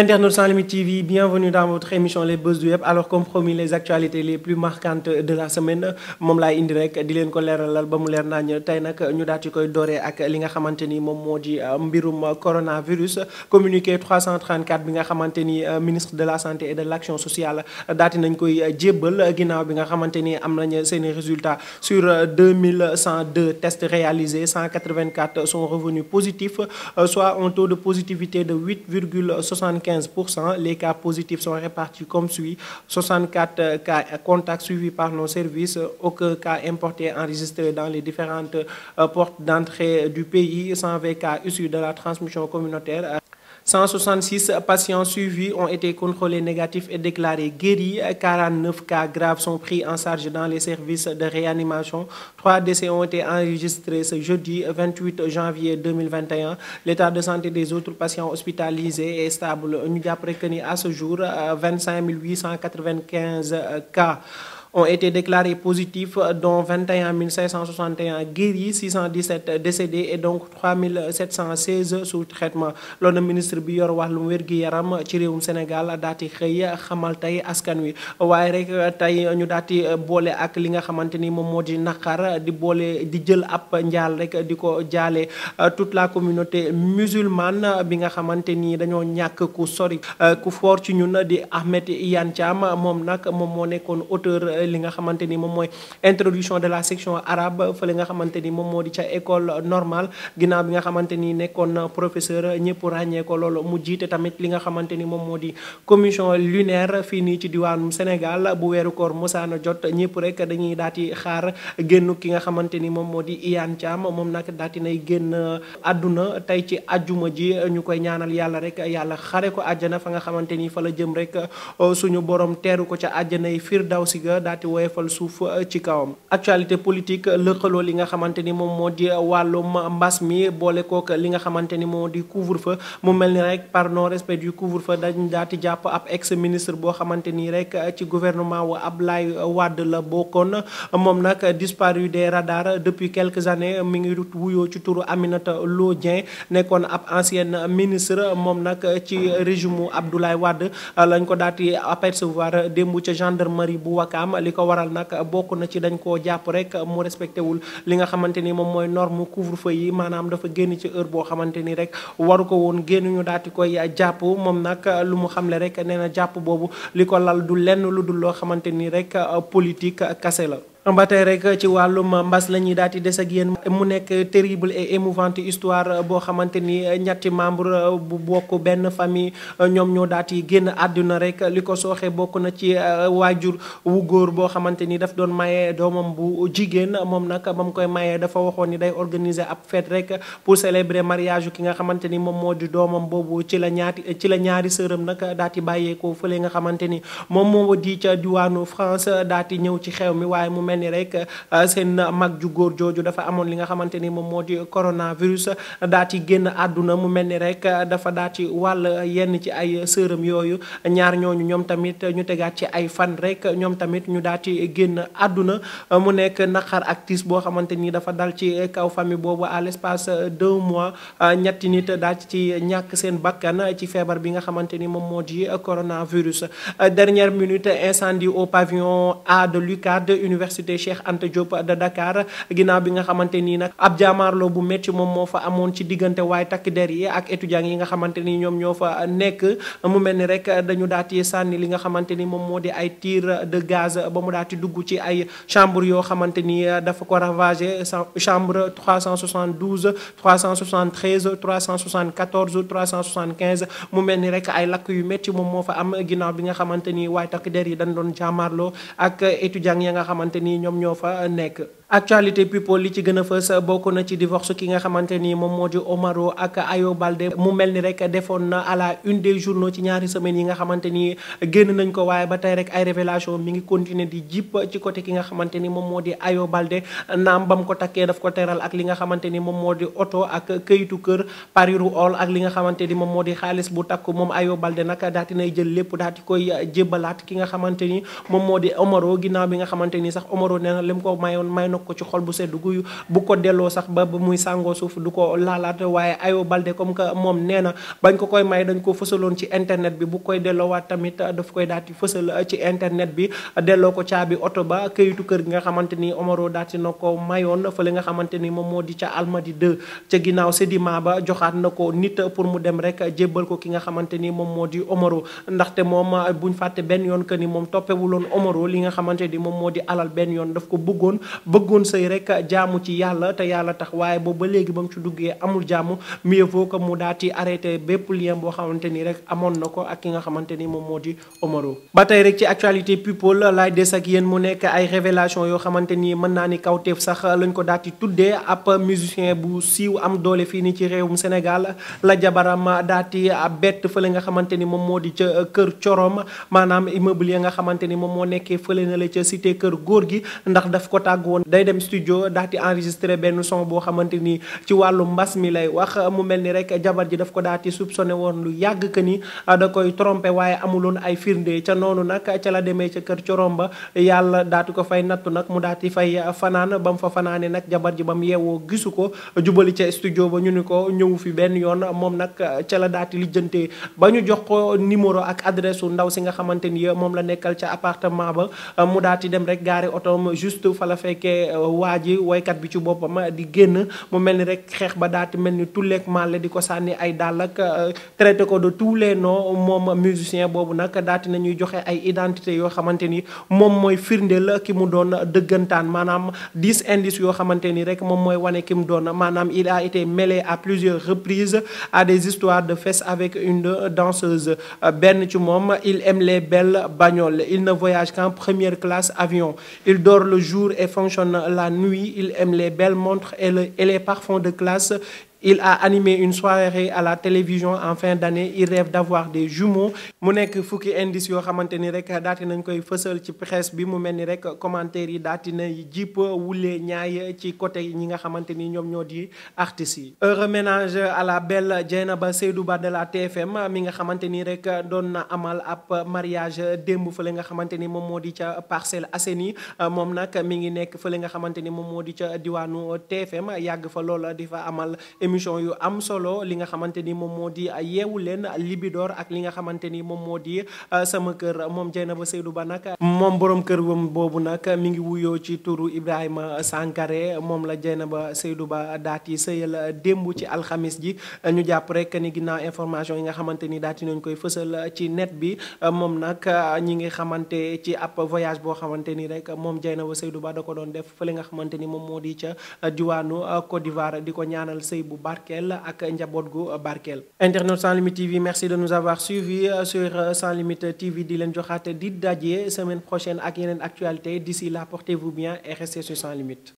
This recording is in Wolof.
Internautes sans limites TV, bienvenue dans votre émission les buzz du web alors comme promis les actualités les plus marquantes de la semaine moom laay indi rek di leen ko leeralal ba mu leer nañ tey nag ñu daal koy dooree ak li nga xamante ni moom moo di euh, mbirum coronavirus communiqué bi nga xamante ni euh, ministre de la santé et de l'action sociale daal di nañ koy euh, jébbal ginnaaw bi nga xamante ni am nañ seeni résultats sur 2102 tests réalisés 184 sont revenus 75 pour cent les cas positifs sont répartis comme suit 64 euh, cas contacts suivis par nos services aucun cas importé enregistré dans les différentes euh, portes d'entrée du pays 120 cas de la transmission communautaire euh, 166 patients suivis ont été contrôlés négatifs et déclarés guéris. 49 cas graves sont pris en charge dans les services de réanimation. Trois décès ont été enregistrés ce jeudi 28 janvier 2021. L'état de santé des autres patients hospitalisés est stable. Ñu jàpp rekk ni à ce jour 25 895 cas. ont été déclarés positifs, dont 21 561 guéris, 617 décédés et donc 3 716 sous traitement. loolu ministre bi yor wàllum wér-gi-yaram ci réewum Sénégal daati xëy xamal tey askan wi waaye rek tey ñu daati boole ak li nga xamante ni moom moo di naqar di boole di jël ab njaal rek di ko jaale toute la communauté musulmane bi nga xamante ni dañoo ñàkk ku sori ku fort ci ñun di Ahmed Iyane moom nag moom moo nekkoon auteur li nga xamante ni moom mooy introduction de la section arabe li nga xamante ni moom moo di ca école normale ginnaaw bi nga xamante ni nekkoon professeur ñëpp ràññee ko loolu mu jiite tamit li nga xamante ni moom moo di commission lunaire fii nii ci diwaanu Sénégal bu weeru koor mosaana jot ñëpp rek dañuy daal di xaar génn ki nga xamante ni moom moo di Iyane Thiam moom nag daal di nay génn àdduna tey ci ajjuma ji ñu koy ñaanal yàlla rek yàlla xare ko àjjana fa nga xamante ni fa la jëm rek suñu borom teeru ko ca àjjana yi firdawsi ga daal di woyefal suuf uh, ci kawam actualité politique uh, lëkkaloo li nga xamante ni moom moo di uh, wàllum mbas mi boole kook li nga xamante ni moo di couvre-feu mu mel ni rek par non respect du couvre-feu dañ daal di jàpp ab ex ministre boo xamante ni rek ci gouvernement wu Ablaye Wade la bokkoon moom nag disparu des radars depuis quelques années mi ngi wuyoo ci turu Aminata Lô Dieng nekkoon ab ancienne ministre moom nag ci régime Abdoulaye Wade lañ ko daal apercevoir li ko waral nag bokk na ci dañ koo jàpp rek mu respecté wul li nga xamante ni moom mooy norme couvre-feu yi maanaam dafa génn ci heure boo xamante ni rek waru ko woon génn ñu daal di koy jàpp moom nag lu mu xamle rek nee na jàpp boobu li ko lal du lenn lu dul loo xamante nii rek politique kase la. ba tey rek ci wàllum mbas la ñuy daal di des ak yéen mu nekk terrible et émouvante histoire boo xamante ni ñetti membre bu bokk benn famille ñoom ñoo daal di génn àdduna rek li ko sooxee bokk na ci euh, waajur wu góor boo xamante ni daf doon maye doomam bu jigéen moom nag ba mu koy mayee dafa waxoon ni day organiser ab fête rek pour célébrer mariage ki nga xamante ni moom moo di doomam boobu ci la ñaati ci la ñaari sëram nag daal di bàyyeekoo fële nga xamante ni moom moo di diwaanu France daal di ñëw ci xew mel ni rek euh, seen mag ju góor jooju dafa amoon li nga xamante ni moom moo di coronavirus daa ci génn àdduna mu mel ni rek dafa daa ci wàll yenn ci ay sëram yooyu ñaar ñooñu ñoom tamit ñu tegaat ci ay fan rek ñoom tamit ñu daa ci génn àdduna mu nekk naqar ak boo xamante ni dafa dal ci kaw famille boobu à l'espace deux mois ñetti nit daa ci ñàkk seen bakkan ci feebar bi nga xamante ni moom moo di coronavirus dernière minute incendie au pavillon A de l'UCAD université Cheikh Anta Diop de Dakar ginnaaw bi nga xamante nii nag ab jaamaarloo bu métti moom moo fa amoon ci diggante waaye takk der yi ak étudiants yi nga ni ñoom ñoo fa nekk mu mel ni rek dañu daati sànni li nga xamante ni moom moo di ay tir de gaz ba mu daati dugg ci ay chambre yoo xamante ni dafa ko ravagé chambre 372 373 374 375 mu mel ni rek ay lakk yu métti moom moo fa am ginnaaw bi nga xamante ni waaye takk der yi dañ doon jaamaarloo ak étudiants ya nga xamante nii ñoom ñoo fa nekk actualité people li ci gën a fës bokk na ci divorce ki nga xamante ni moom moo di Omaro ak Ayo Balde mu mel ni rek defoon na à la une des journaux ci ñaari semaines yi nga xamante ni génn nañ ko waaye ba tey rek ay révélation mi ngi continuer di jip ci côté ki nga xamante ni moom moo di Ayo Balde naam bam ko takkee daf ko teral ak li nga xamante ni moom moo di oto ak këyitu kër pariru ol ak li nga xamante ni moom moo di xaalis bu takk moom Ayo Balde nag daa dinay jël lépp daa di koy jébbalaat ki nga xamante ni moom moo di Omaro ginnaaw bi nga xamante ni sax Omaro nee na lim ko na ko ci xol bu sedd guyu bu ko delloo sax ba ba muy sàngoo suuf du ko laalaat waaye Ayo Baldé comme que moom nee na bañ ko koy may dañ ko fësaloon ci internet bi bu koy delloowaat tamit daf koy daal di fësal ci internet bi delloo ko caabi oto ba këyitu kër gi nga xamante ni Omaro daal di na ko mayoon fa li nga xamante ni moom moo di ca Almadi 2 ca ginnaaw Sedima ba joxaat na ko nit pour mu dem rek jébbal ko ki nga xamante ni moom moo di Omaro ndaxte moom buñ fàtte benn yoon que ni moom toppewuloon Omaro li nga xamante ni moom moo di alal benn yoon daf ko bëggoon bëggoon sëy rek jaamu ci yàlla te yàlla tax waaye boobu ba léegi ba mu ci duggee amul jàmm mieux vaut que mu daal ci bépp lien boo xamante ni rek amoon na ko ak ki nga xamante ni moom moo di Omaro ba tey rek ci actualité mu nekk ay révélation yoo xamante ni mën naa ni kawteef sax lañ ko daal di tuddee ab bu siiw am doole fii nii ci réewum Sénégal la jabaram daal di bett fële nga xamante ni moom moo di ca kër Corom maanaam immeuble ya nga xamante ni moom moo nekkee fële na la ca cité kër góor gi ndax daf ko tàgg woon day dem benn son boo xamante ni ci wàllu mbas mi lay wax mu mel ni rek jabar ji daf ko daal di soupçonné woon lu yàgg que ni ah, da koy trompé waaye amuloon ay firnde ca noonu nag ca la demee ca kër coromba yàlla daati ko fay nattu nag mu daati fay fanaan ba mu fa fanaane nag jabar ji ba mu yeewoo gisu ko jubali ca studio ba ñu ni ko ñëw fi benn yoon moom nag ca la daati lijjante ba ñu jox ko numéro ak adresse su ndaw si nga xamante ni moom la nekkal ca apartement ba mu daati dem rek gaari otoom juste fa la fekkee Euh, waa ji waykat bi ci boppam di génn mu mel ni rek xeex ba daati mel ni tulleeg màlle di ko sànni ay dàll ak euh, traité ko de tous les noms moom musicien boobu nag daati nañuy joxe ay identité yoo xamante ni moom mooy firndeel ki mu doon dëggantaan maanaam dix indices yoo xamante ni rek moom mooy wane ki mu doon maanaam il a été mêlé à plusieurs reprises à des histoires de fesses avec une danseuse benn ci moom il aime les belles bagnoles il ne voyage qu'en première classe avion il dort le jour et fonctionne la nuit, il aime les belles montres et, le, et les parfums de classe. il a animé une soirée à la télévision en fin d'année il rêve d'avoir des jumeaux mu nekk fukki indice yoo xamante ni rek daati nañ koy fësal ci presse bi mu mel ni rek commentaire yi daati na jiip wulee ñaay ci côté ñi nga xamante ni ñoom ñoo di artistes yi heureux ménage à la belle Dieynaba Seydou Ba de la TFM mi nga xamante ni rek doon na amal ab mariage démb fële nga xamante ni moom moo di ca Parcelles Assainies moom nag mi ngi nekk fële nga xamante ni moom moo di ca diwaanu TFM yàgg fa loola di amal émission yu am solo li nga xamante ni moom moo di ah, yeewu leen libidoor ak li nga xamante ni moom moo di ah, sama kër moom Dieynaba Seydou Ba nag moom borom kër boobu nag mi ngi wuyoo ci turu Ibrahima Sankare moom la Dieynaba Seydou Ba daat yi sëyal démb ci alxamis ji ñu jàpp rek ni ginnaaw information yi nga xamante ni daati nañ koy fësal ci net bi moom nag ah, ñi ngi xamante ci ab voyage boo xamante ni rek moom Dieynaba Seydou Ba da ko doon def fële nga xamante ni moom moo di ca diwaanu Côte d'Ivoire di ko ñaanal sëy bu barkeel ak njaboot gu barkeel. internaute sans limite TV merci de nous avoir suivis euh, sur euh, sans limite TV di leen joxaate di daje semaine prochaine ak yeneen actualité d'ici la portez-vous bien et restez sur